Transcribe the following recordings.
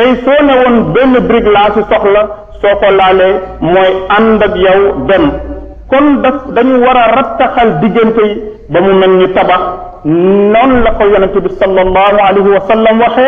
tay so ne woon benn brique laa si soxla soko lalé moy ànd ak yow dem kon daf dañu wara a rattaxal digënté ba mu melni tabax non la ko yonentou bi sallallahu alayhi wa sallam waxe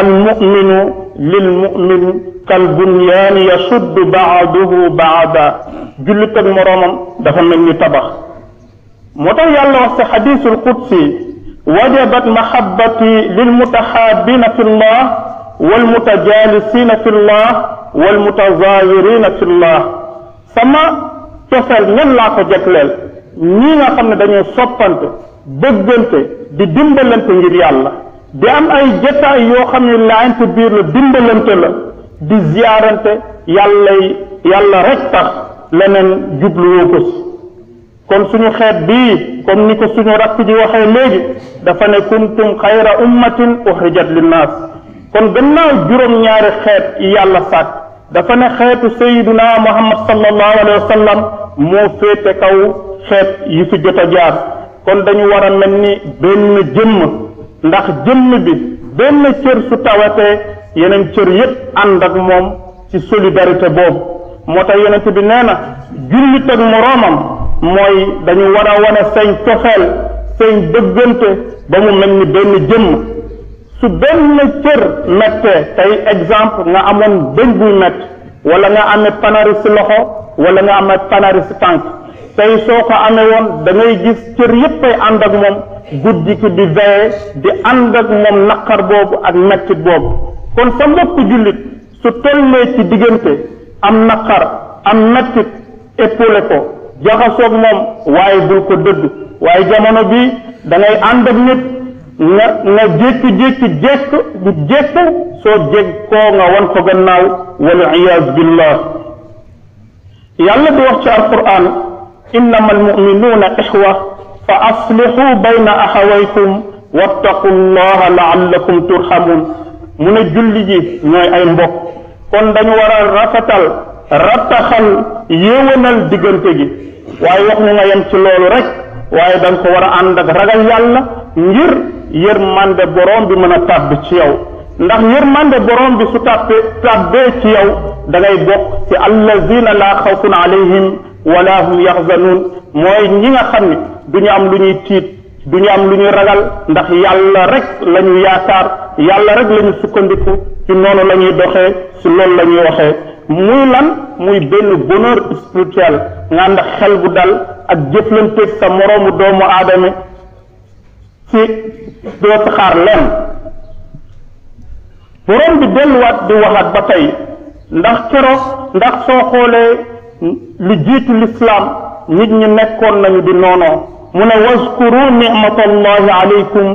al muminu lil mumin kal bunyan yashuddu ba'dahu ba'da julit ak moroomam dafa melni tabax motax yàlla wax ci hadithul qudsi wajabat mahabbati lil mutaxaabina fi llah والمتجالسين في الله والمتظاهرين في الله ثم تسال من لا تجكلل نينا خمنا دانيو سوبانت بغنت دي ديمبلنت غير يالله دي ام اي جتا يو خمي لا انت بير لو ديمبلنت لا دي زيارنت يالله يالله رك تخ لنن جوبلو كوس كوم سونو خيت بي كم نيكو سنو راك دي واخا دفن كنتم خير امه اخرجت للناس kon gannaaw juróom-ñaari xeet yi yàlla sàkk dafa ne xeetu sayiduna muhammad sallallahu alayhi wa sallam moo féete kaw xeet yi fi jot a jaar kon dañu war a mel ni benn jëmm ndax jëmm bi benn cër su tawatee yeneen cër yépp ànd ak moom ci solidarité boobu moo tax yonent bi nee na jullit ak moroomam mooy dañu war a wane seen cofeel seen bëggante ba mu mel ni benn jëmm su benn cër méttee tey exemple nga amoon bëñ buy mett wala nga amee panaris si loxo wala nga amee panaris si tànk tey soo ko amee woon da ngay gis cër yépp ay ànd ak moom guddi ki di veye di ànd ak moom naqar boobu ak mettit boobu kon sa mbokk jullit su tollee ci diggante am naqar am mettit épaulé ko jaxasoog moom waaye bul ko dëdd waaye jamono bi da ànd ak nit nga nga jékki-jékki jekk di jekk soo jekkoo nga wan ko gannaaw wala iyaz billah yàlla di wax ci alquran innama almuminuuna ixwa fa aslixu bayna axawaykum wattaqu llaha laallakum turhamun mu ne julli ji ñooy ay mbokk kon dañu war a rafetal rattaxal yéewanal diggante gi waaye wax ñu nga yem ci loolu rek waaye da nga ko war a ànd ak ragal yàlla ngir yërmande borom bi mën a tàbb ci yow ndax yërmande borom bi su tàbbee tàbbee ci yow da bokk ci allazina laa xawfun alayhim wala hum yaxzanuun mooy ñi nga xam ni du ñu am lu ñuy tiit du ñu am lu ñuy ragal ndax yàlla rek la yaakaar yàlla rek la sukkandiku ci noonu la ñuy doxee su loolu la ñuy waxee muy lan muy benn bonheur spirituel nga ànd xel bu dal ak jëflanteeg sa moroomu doomu aadama ci doo ci xaar lenn borom bi delluwaat di waxaat ba tey ndax keroog ndax soo xoolee lu jiitu lislaam nit ñi nekkoon nañu di noonoo mu ne waskuru nicmatallahi alaykum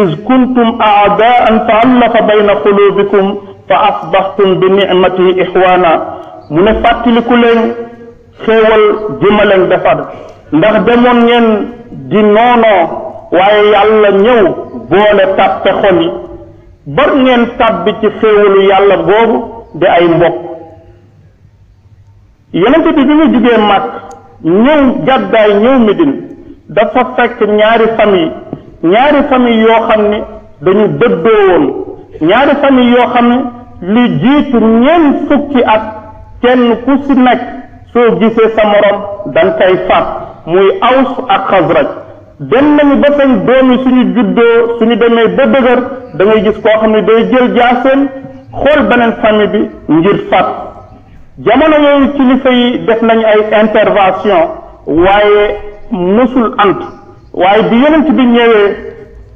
iz kuntum aadaan fa allafa bayna qulubikum fa asbaxtum bi nicmatihi ixwaana mu ne fàttaliku leen xéewal jëmaleen defar ndax demoon ngeen di noonoo waaye yàlla ñëw boole tàppe xol yi bar ngeen bi ci lu yàlla boobu di ay mbokk yonente bi bi mu jugee màkk ñëw jàddaay ñëw Medine dafa fekk ñaari famille ñaari famille yoo xam ne dañu dëddoo woon ñaari famille yoo xam ne lu jiitu ñeent fukki at kenn ku si nekk soo gisee sa morom dañ koy faat muy Aws ak Xasraj dem nañu ba seen doom yi suñu juddoo suñu demee ba dëgër da ngay gis koo xam ne day jël jaaseem xool beneen famille bi ngir fat jamono yooyu kilifa yi def nañu ay intervention waaye musul ant waaye bi yonent bi ñëwee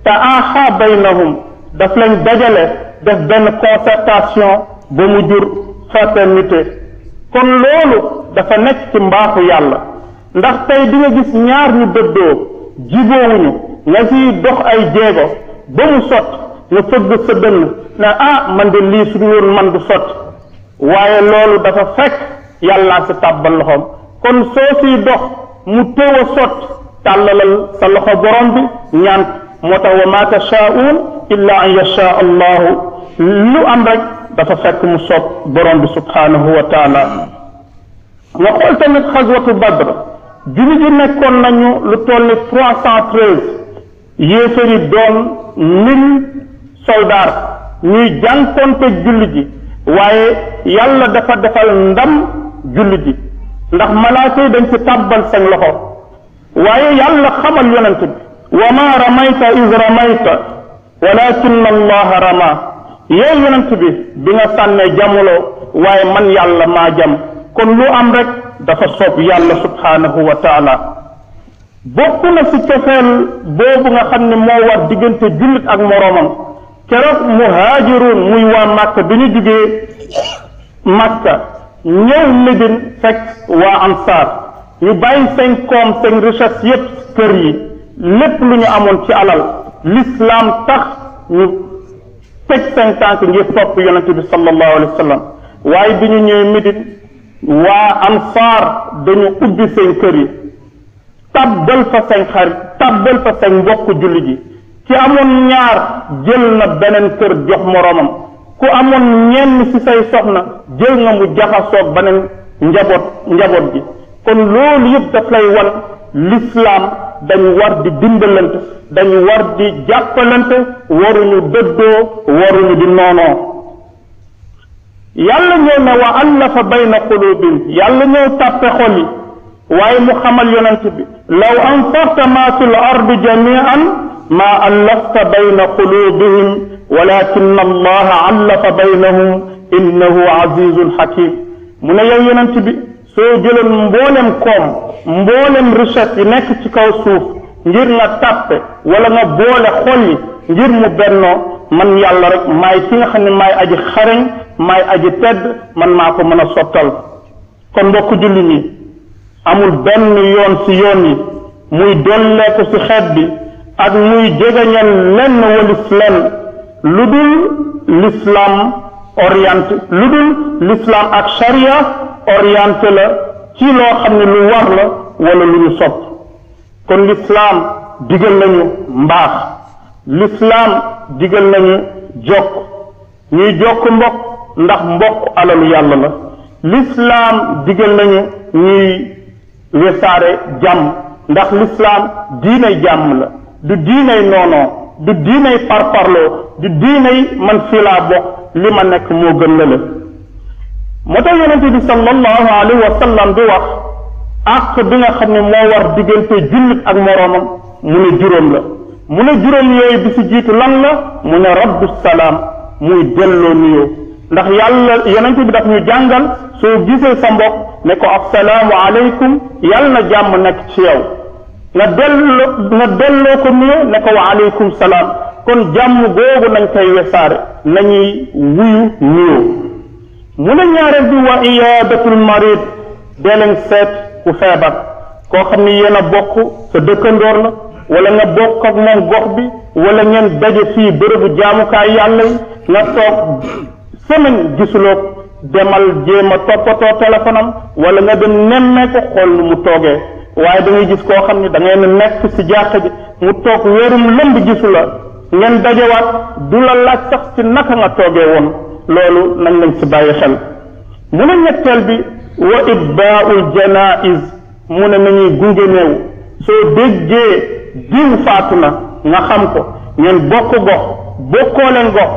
taaxa baynahum daf lañ dajale def benn concertation ba mu jur fraternité kon loolu dafa nekk ci mbaaxu yàlla ndax tey di nga gis ñaar ñu dëddoo jubóowuñu nga siy dox ay jéego ba mu sot nga fëgg sa dënn na ah man de lii suñu woon man du sotti waaye loolu dafa fekk yàllaa si tàbbal loxoom kon soo siy dox mu téew a sotti tàllalal sa loxo borom bi ñaan moo tax wa ma tashaaun illa an yasha allahu lu am rek dafa fekk mu soob borom bi subhanahu wa taala nga xool tamit xaswatu badr jullit yi nekkoon nañu lu toll ni trois cent treize yéefar yi doon mille soldats ñuy jànkoonte jullit ji waaye yàlla dafa defal ndam jullit ji ndax malaaka dañ ci tàbbal seen loxo waaye yàlla xamal yonent bi wa ma ramayta is ramayta walakin allaha rama yow yonent bi bi nga sànnee jamuloo waaye man yàlla maa jam kon lu am rek dafa sob yàlla subhanahu wa taala bokk na si cofeel boobu nga xam ne moo war diggante jullit ak moroomam keroog muhaajiruun muy waa màkka bi ñu jugee màkka ñëw medin fekk waa ansaar ñu bàyyi seen koom seen richesse yépp kër yi lépp lu ñu amoon ci alal l'islam tax ñu teg seen tànk ngir topp yonente bi sallallahu alayhi wa sallam waaye bi ñu ñëwee medine waa ansaar dañu ubbi seen kër yi tabbal fa seen xarit tabbal fa seen mbokk julli ji ci amoon ñaar jël na beneen kër jox moroomam ku amoon ñenn ci say soxna jël nga mu jaxasoog beneen njaboot njaboot gi kon loolu yëpp daf lay wan lislaam dañu war di dimbalante dañu war di jàppalante waruñu dëddoo waruñu di noonoo yàlla ñëw ne wa allaf bayna qulubin yàlla ñëw tàppe xol yi waaye mu xamal yonent bi law anfarta ma fi l ardi jamian ma allafta bayna qulubihim walakin allaha allafa baynahum innahu azizun hakim mu ne yow yonent bi soo jëloon mboolem koom mboolem richesse yi nekk ci kaw suuf ngir nga tàppe wala nga boole xol yi ngir mu bennoo man yàlla rek maay ki nga xam ne maay aji xareñ maay aji tëdd man maa ko mën a sottal kon mbokk julli ñi amul benn yoon ci yoon yi muy dolleeku ci xeet bi ak muy jegeñal lenn walis lenn lu dul l'islam orienté lu dul l'islam ak charia orienté la ci loo xam ne lu war la wala lu ñu sopp kon l'islam digal nañu mbaax l'islam digal nañu jokk ñuy jokk mbokk ndax mbokk alalu yàlla la lislaam digal nañu ñuy wesaare jàmm ndax lislaam diinay jàmm la du diinay noonoo du diinay parparloo du diinay man fii laa bokk li ma nekk moo gën la la moo tax yonente bi sallallahu alayhi wa sallam di wax àq bi nga xam ne moo war diggante jullit ak moroomam mu ne juróom la mu ne juróom yooyu bi si jiitu lan la mu ne rabdu salaam muy delloo nuyoo ndax yàlla yonente bi daf ñu jàngal soo gisee sa mbokk ne ko assalaamu aleykum yàlla na jàmm nekk ci yow nga delloo nga delloo ko nuyoo ne ko wa aleykum salaam kon jàmm googu nañ koy wesaare nañuy wuyu nuyoo mu ne ñaareel bi wa iyaadatul marid dee seet ku feebar koo xam ni yéen a bokk sa dëkkandoor la wala nga bokk ak moom gox bi wala ngeen daje fii bërëbu jaamukaay yàlla yi nga toog semaine gisuloo demal jéem a toppatoo téléphone am wala nga dem nemmee ko xool nu mu toogee waaye da ngay gis koo xam ni dangeen nekk si jàkka ji mu toog wéerum lëmb gisu la ngeen dajewaat du la laaj sax ci naka nga toogee woon loolu nañ lañ si bàyyi xel mu ne ñetteel bi wa itbaaul janaiz mu ne nañuy gunge néew soo déggee diw faatu na nga xam ko ngeen bokk gox bokkoo leen gox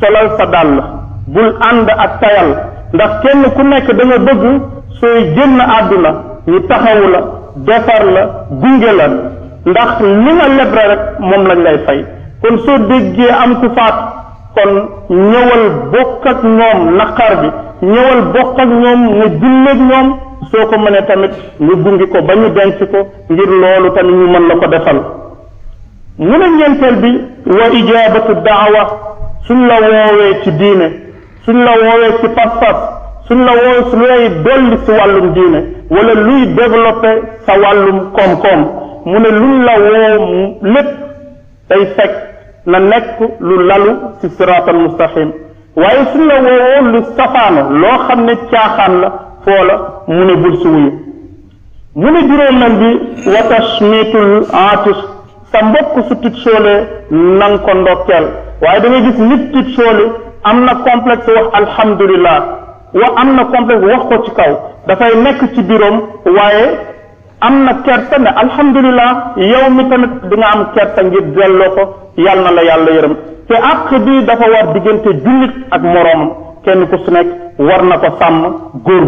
solal sa dàll bul ànd ak tayal ndax kenn ku nekk da nga bëgg sooy génn àdduna ñu taxawu la defar la gunge la ndax li nga lebre rek moom lañ lay fay kon soo déggee am ku faat kon ñëwal bokk ak ñoom naqar bi ñëwal bokk ak ñoom nga julleeg ñoom soo ko mënee tamit ñu gungi ko ba ñu denc ko ngir loolu tamit ñu mën la ko defal mu ne ñeenteel bi wa ijaabatu daawa suñ la woowee ci diine suñ la woowee ci pas-pas suñ la woowee su lay dolli si wàllum diine wala luy développer sa wàllum koom-koom mu ne luñ la woo lépp day fekk na nekk lu lalu ci siraatal mustaqim waaye suñ la woowoo lu safaano loo xam ne caaxaan la foo la mu ne bul si wuyu mu ne juróomeel bi wa tashmiitul sa mbokk su tit soolee na ko ndokkeel waaye da gis nit tit soolee amna complexe wax alhamdullilah wa amna complexe wax ko ci kaw da fay nek ci birom waye amna kerta ne alhamdullilah yow mi tamit di nga am kerta ngir delo ko yalna la yàlla yërëm te ak bi dafa war diggante jullit ak morom kenn ku su nek war na ko sam gor